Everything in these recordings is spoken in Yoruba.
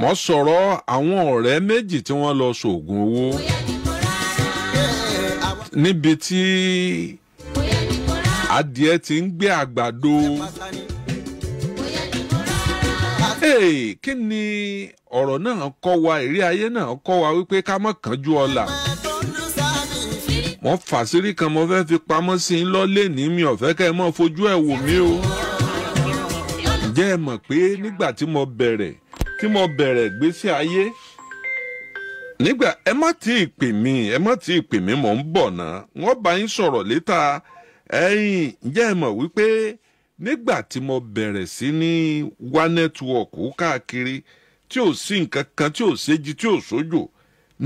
mo sọ̀rọ̀ àwọn ọ̀rẹ́ méjì tí wọ́n lọ sògùn owó níbi tí adìẹ ti ń gbé àgbàdo kí ni ọ̀rọ̀ náà kọ́ wa ìrí ayé náà kọ́ wa wípé ká má kánjú ọ̀la mo fàṣírí kan mo fẹ́ fi pamọ́ sí i lọ́lé ní mi ò kẹ́ ẹ mọ́ fojú ẹ̀ wò mí o. ǹjẹ́ ẹ mọ̀ pé nígbà tí mo bẹ̀rẹ̀ tí mo bẹ̀rẹ̀ gbésí ayé nígbà ẹ má tí ì pè mí ẹ má tí ì pè mí ń bọ̀ náà wọ́n bá yín sọ̀rọ̀ létà ẹ̀yìn ǹjẹ́ ẹ mọ̀ wípé nígbà tí mo bẹ̀rẹ̀ sí ní wá nẹ́tíwọ̀kù káàkiri tí ò sí nǹkan kan tí ò séji tí ò sójò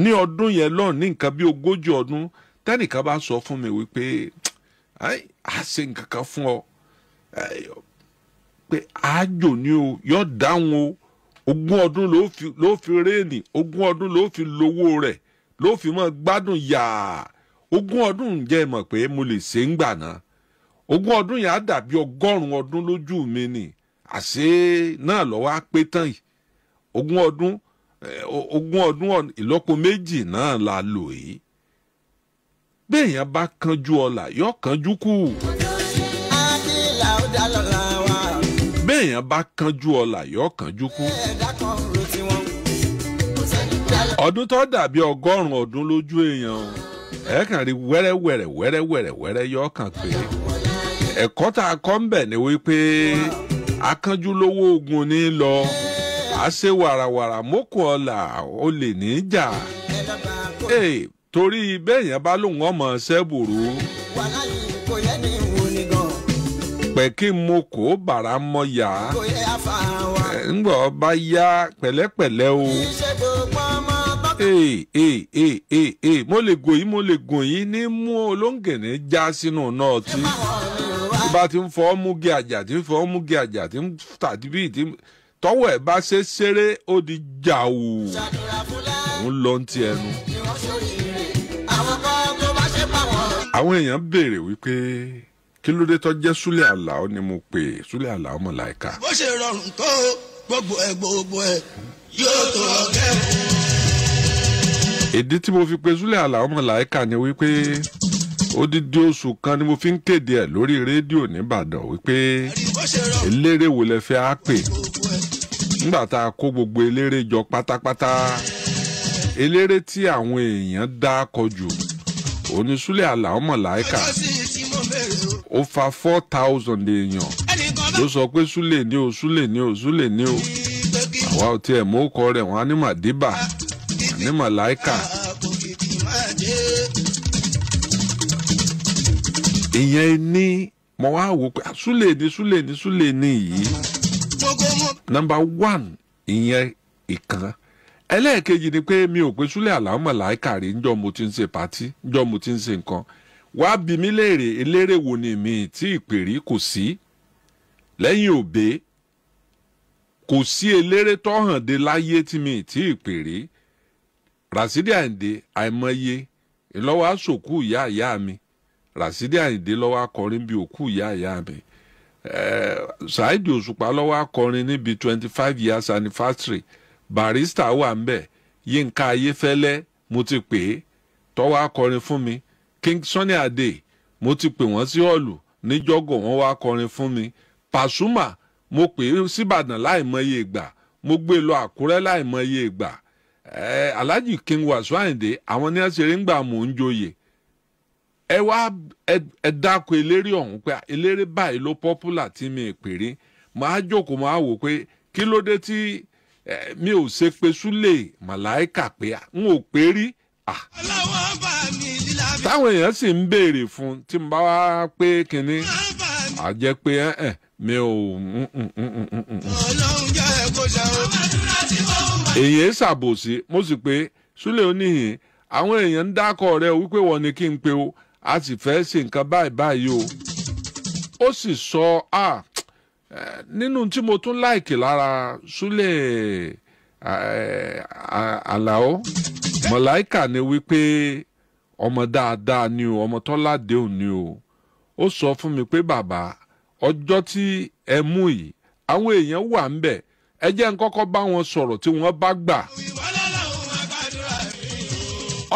ní ọdún yẹn lọ ní nǹkan bí ogójì ọdún tẹ́nìkan bá sọ fún mi wípé a ṣe nǹkan kan fún ọ pé àájò ni o yọ dáhùn o ogún ọdún ló fi réènì ogún ọdún ló fi lówó rẹ̀ ló fi mọ́ gbádùn yaa ogún ọdún ǹjẹ́ mọ̀ pé mo lè ṣe ń gbà náà ogún ọdún yàá dàbí ọgọ́rùn-ún ọdún lójú mi ni àṣé náà lọ́wọ́ á pé tán yìí ogún ọdún eh, ogún ọdún ìlọ́po la lò yìí bá kanjú ọlà kanjú kù. béèyàn bá kanjú ọlà yóò kanjú kú. ọdún dàbí ọgọ́rùn-ún lójú èèyàn ẹ kàn rí wẹ́rẹ́wẹ́rẹ́ wẹ́rẹ́wẹ́rẹ́ yóò kàn pé ẹ̀kọ́ tá ni wípé akánjú ogun ni í lọ wàràwàrà mókun ọlà ó lè ní torí bá ọmọ ṣẹ́ bùrú. pẹ kí n mo kó bàrà mọ yá ńgbà ọba yá pẹlẹpẹlẹ o ee eh, ee eh, ee eh, ee mo lè gò yín mo lè gò ní mú olóńgẹ̀nẹ́ já sínú náà tí tí bá ti ń fọ́ múgi àjà tí ń fọ́ múgi àjà tí ń tàbí bíi bá ṣe ṣeré ó di jàù òun lọ ń ti ẹnu. àwọn èèyàn béèrè wípé. kí ló dé tó jẹ́ Súlẹ̀ Àlàó ni mo pè é Súlẹ̀ Àlàó Màláíkà. bó ṣe rọrùn tó gbogbo ẹ gbogbo ẹ yóò tó ọgẹ́ mu. ìdí tí mo fi pe Súlẹ̀ Àlàó Màláíkà ni wípé odidi oṣù kan ni mo fi ń kéde ẹ̀ lórí rédíò nìbàdàn wípé eléré wo lẹ fẹ́ á pè nígbà tá a kó gbogbo eléré jọ pátápátá eléré tí àwọn èèyàn dá kọjú onísúlẹ̀ Àlàó Màláíkà. o fa four thousand èèyàn ló sọ pé súlè ní o súlè ní o súlè ní o àwa ò tiẹ̀ mú ọkọ rẹ̀ wọ́n á ní màdìbà ní màláìkà. ìyẹn ní mo wá wò pé ah, súlè ní súlè ní súlè ní yìí one ìyẹn ni pé mi ò pé súlè àlàó màláìkà rí njọ́ mo ti ń pàtí wá bí mi léèrè eléré wo ni mi tí ìpèrí kò sí lẹ́yìn òbé kò sí eléré tó hàn dé láyé tí mi tí ìpèrí Rasidi Àyìndé àìmọye ńlọ́wọ́ àṣòkù ìyá ìyá mi Rasidi Àyìndé lọ́wọ́ akọrin bíi òkú ìyá ìyá mi Saheed Òṣùpá lọ́wọ́ akọrin níbi twenty five years anniversary barista wà ń bẹ̀ Yínká Ayéfẹ́lẹ́ mo ti pè é tọ́wọ́ akọrin fún mi King Sunny Adé mo ti pè wọ́n sí ọ̀lù níjọ́gọ̀ wọ́n wá kọrin fún mi Pasuma mo pè é síbàdàn láìmọye ìgbà mo gbé e lọ Àkúrẹ́ láìmọye ìgbà eh, Alhaji King Wàsíù Àyìndé àwọn ní ẹsẹ̀ rí ń gbà mò ń joyè ẹ wá ẹ dáko eléré ọ̀hún pé eléré báyìí ló pọ́pùlà tí mi pèrè màá jókòó màá wò pé kí ló dé tí eh, mi ò ṣe pé súlẹ̀ màláìkà pé n ò pé rí. Ah. aláwọ̀ bá táwọn èèyàn sì ń béèrè fún tí mo bá wá pé kinní a jẹ́ pé ẹ ẹ mi ò. Mm, mm, mm, èyí ń ṣàbòsí mo sì pé súlẹ̀ oníhìn àwọn èèyàn ń dákọ̀ rẹ wípé wọ́n ni kí n pe o a sì fẹ́ ṣe nǹkan báyìí báyìí o ó sì sọ a nínú tí mo tún láìkì lára súlẹ̀ àlàó mọ̀láìkà ni wípé ọmọ dáadáa ni o ọmọ tọ́lá déun ni o ó sọ fún mi pé bàbá ọjọ́ tí ẹ mú yìí àwọn èèyàn wà ń bẹ̀ ẹ jẹ́ n kọ́kọ́ bá wọn sọ̀rọ̀ tí wọ́n bá gbà.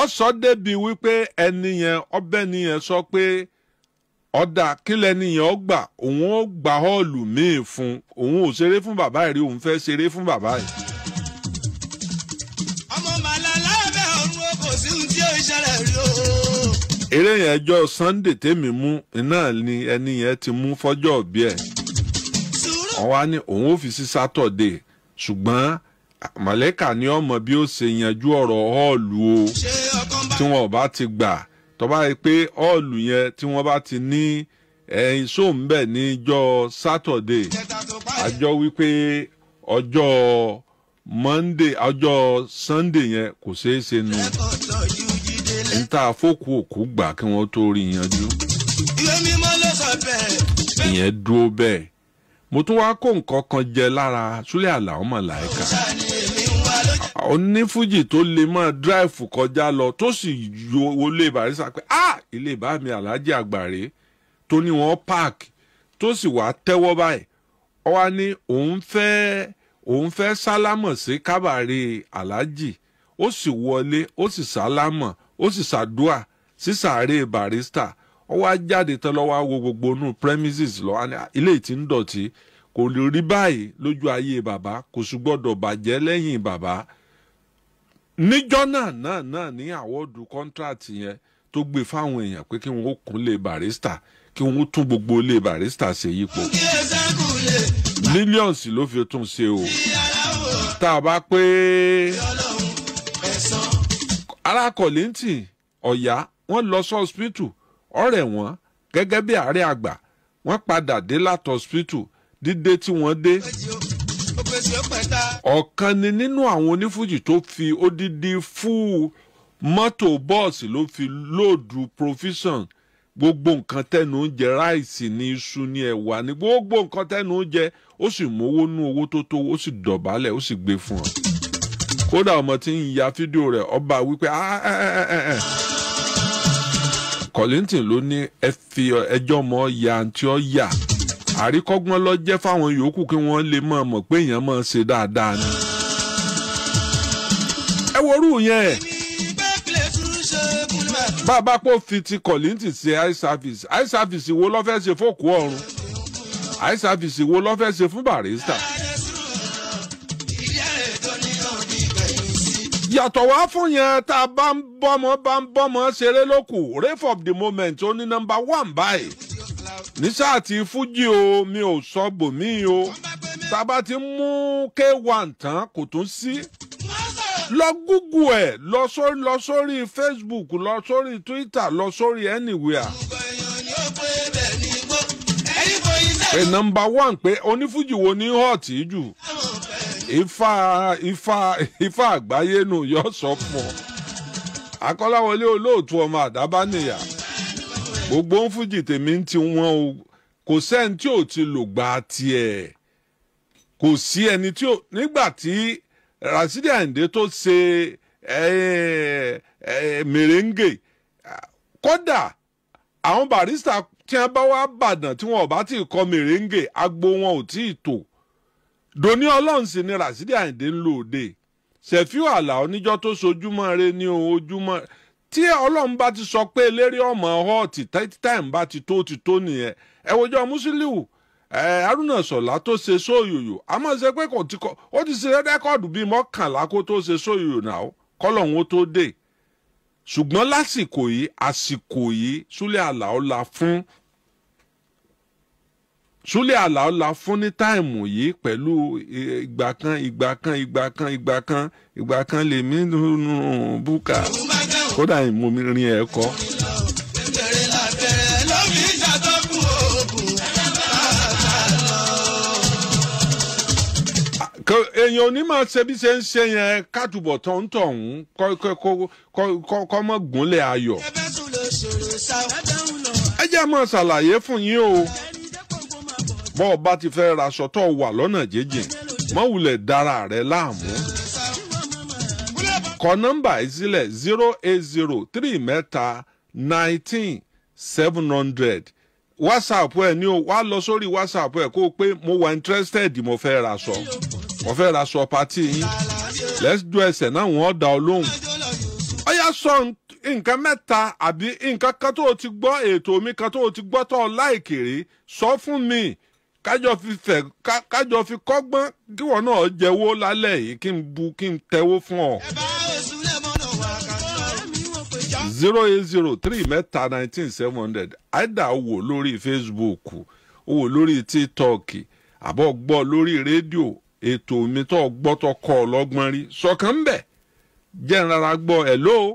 ó sọ débi wípé ẹni yẹn ọbẹ̀ nìyẹn sọ pé ọ̀dà kílẹ̀ nìyẹn ó gbà òun ó gbà họ́ọ̀lù míì fún òun ò ṣeré fún bàbá rí òun fẹ́ ṣeré fún bàbá ẹ̀. ìṣẹ̀lẹ̀ rí o. eré yẹn ẹjọ́ sunday tèmi mú iná ni ẹni yẹn ti mú fọ́jọ́ òbí ẹ̀ ọ̀wá ni òun ò fi sí sátọ̀dé ṣùgbọ́n mọ̀lẹ́kà ni ọmọ bí ó ṣe yanjú ọ̀rọ̀ họ́ọ̀lù o tí wọn ò bá ti gbà tó bá yẹ pé họ́ọ̀lù yẹn tí wọ́n bá ti ní ẹ̀yìn sóńbẹ̀ níjọ́ sátọ̀dé àjọ wípé ọjọ́ monday ọjọ́ sunday yẹn kò ṣeé ṣe nù ń tà fókù òkú gbà kí wọ́n tó rí yanjú. ìyẹn dúró bẹ́ẹ̀ mo tún wáá kó nǹkan kan jẹ lára Sule Alao Malaika onífújì tó lè mọ dráìfù kọjá lọ tó sì yọ wọlé Barrister pé ah ilé ìbá mi Alhaji Àgbàre tó ní wọ́n páàkì tó sì wàá tẹ́wọ́ báyìí ó wá ní òun fẹ́ òun fẹ́ sálámọ̀ sí kábàárẹ̀ aláàjì ó sì wọlé ó sì sálámọ̀ ó sì ṣàdúà sí sàárè Barrister ó wá jáde tán lọ́wọ́ wo gbogbo inú premises lọ ah, ilé tí ń dọ̀tí kò lè rí báyìí lójú ayé bàbá kò sì gbọ́dọ̀ bàjẹ́ lẹ́yìn bàbá níjọ́ náà náà náà ní àwọ́dù kọ́ńtráàtì yẹn tó gbé fáwọn èèyàn pé kí wọ́n kún lé Barrister kí wọ́n tún gbogbo lé Barrister ṣe yípo mílíọ̀nsì ló fi tún ṣe o tá a bá pé ará kọ̀lẹ́ntì ọ̀yá wọ́n lọ sí ọ̀sìpìtù ọ̀rẹ́ wọn gẹ́gẹ́ bí àárẹ̀ àgbà wọ́n padà dé látọ̀ ọ̀sìpìtù dídé tí wọ́n dé. ọ̀kan ni nínú àwọn onífújì tó fi odidi fúù mọ́tò bọ́ọ̀sì ló fi lóòdù provision gbogbo nǹkan tẹnu oúnjẹ ráìsì ní iṣu ní ẹ̀wà ní gbogbo nǹkan tẹnu oúnjẹ ó sì mówó nú owó tó tó ó sì dọ̀bálẹ̀ ó sì gbé fún ọ kódà ọmọ tí ń ya fídíò rẹ̀ ọba wípé Kollington ah, ah, ah, ló ní ẹ fi ẹjọ́ mọ́ ya tí ó yà àríkọ́gbọ́n lọ jẹ́ fáwọn yòókù kí wọ́n lè mọ̀ mọ̀ pé èèyàn máa ṣe dáadáa ni. ẹ worú yẹn bàbá pò fi ti Kollington ṣe eye service eye service wo ló fẹ́ ṣe fókù ọ̀run eye service wo ló ṣe fún Barrister. yàtọ̀ wá fún yẹn tá a bá ń bọ́mọ bá ń bọ́mọ ṣeré lókù rave of the moment ó ní nọ́mbà one báyìí ní sáà tí fújì o mi ò sọ gbòmí o tá a bá ti mú k1 tán kò tún sí lọ google ẹ lọ sórí lọ sórí facebook lọ sórí twitter lọ sórí anywhere. Pe nọ́mbà one pe, onífújì wo ní hot jù ifá ifá ifá àgbáyé nù yọ sọ fún ọ akọ́láwọlé olóòtú ọmọ àdábánìyà gbogbo ń fújì tèmi ń ti wọn o kò sẹ́ni tí ò ti lò gba tiẹ̀ kò sí ẹni tí ò nígbà tí Rasidi Ayinde tó ṣe mèrèǹgè kódà àwọn barista tí wọn bá wá bàdàn tí wọn ò bá tí kọ mèrèǹgè agbo wọn ò tí ì tò doni ọlọ́run sì ni rasidi àyìndé ń lò òde ṣèfíù àlà oníjọ́ tó sojúmọ́ re ní ohun ojúmọ́ tí ọlọ́run bá ti sọ pé eléré ọmọ ọ̀họ́ ti táìm bá ti tó ti tó nìyẹn ẹ wòjọ́ musiliu ẹ haruna sọlá tó ṣe sóyòyò àmọ́ ṣe pé kò ti kọ́ ó ti ṣe rẹ́kọ̀dù bíi mọ́kànlá kó tó ṣe sóyòyò náà kọ́lọ́hún ó tó dé ṣùgbọ́n lásìkò yìí àsìkò yìí súlẹ̀ àlà la fún Súlẹ̀ Àlàó la fún ní táìmù yìí pẹ̀lú e, ìgbà kan ìgbà kan ìgbà kan ìgbà kan ìgbà kan lèmi nínú búkà kódà ìmọ̀mí rin ẹ̀kọ́. èèyàn onímọ̀ ṣebí ṣe ń ṣe yẹn kátùbọ̀ tó ń tọ̀ ń kọ́ mọ́ gúnlẹ̀ ayọ̀. ẹ jẹ́ mọ́ ṣàlàyé fún yín o. bọ́ ọ bá ti fẹ́ raṣọ tó wà lọ́nà jíjìn mọ́wulẹ̀ dára rẹ̀ láàmú. kọ nọmba yìí zero eight zero three mẹ́ta nineteen seven hundred whatsapp ẹ ní o wá lọ sórí whatsapp ẹ kó o pé mo wà interested mo fẹ́ raṣọ mo fẹ́ raṣọ pati yín let's do ẹsẹ̀ náà wọ́n dá ọ lóhùn. ó yá sọ nǹkan mẹ́ta àbí nǹkan kan tó o ti gbọ́ ètò omi kan tó o ti gbọ́ tó o sọ fún mi. kájọ fi fẹ kájọ fi kọ́gbọ́n kíwọ náà jẹ́wọ́ lálẹ́ yìí kí n bu kí n tẹ́wọ́ fún ọ. zero eight zero three mẹ́ta nineteen seven hundred Aida wò lórí Facebook wò lórí TikTok àbọ̀ gbọ́ lórí rédíò ètò mi tó gbọ́ tó kọ́ ọ lọ́gbọ́n rí sọ̀kan bẹ̀ jẹ́ ń rárá gbọ́ ẹ̀ lóo.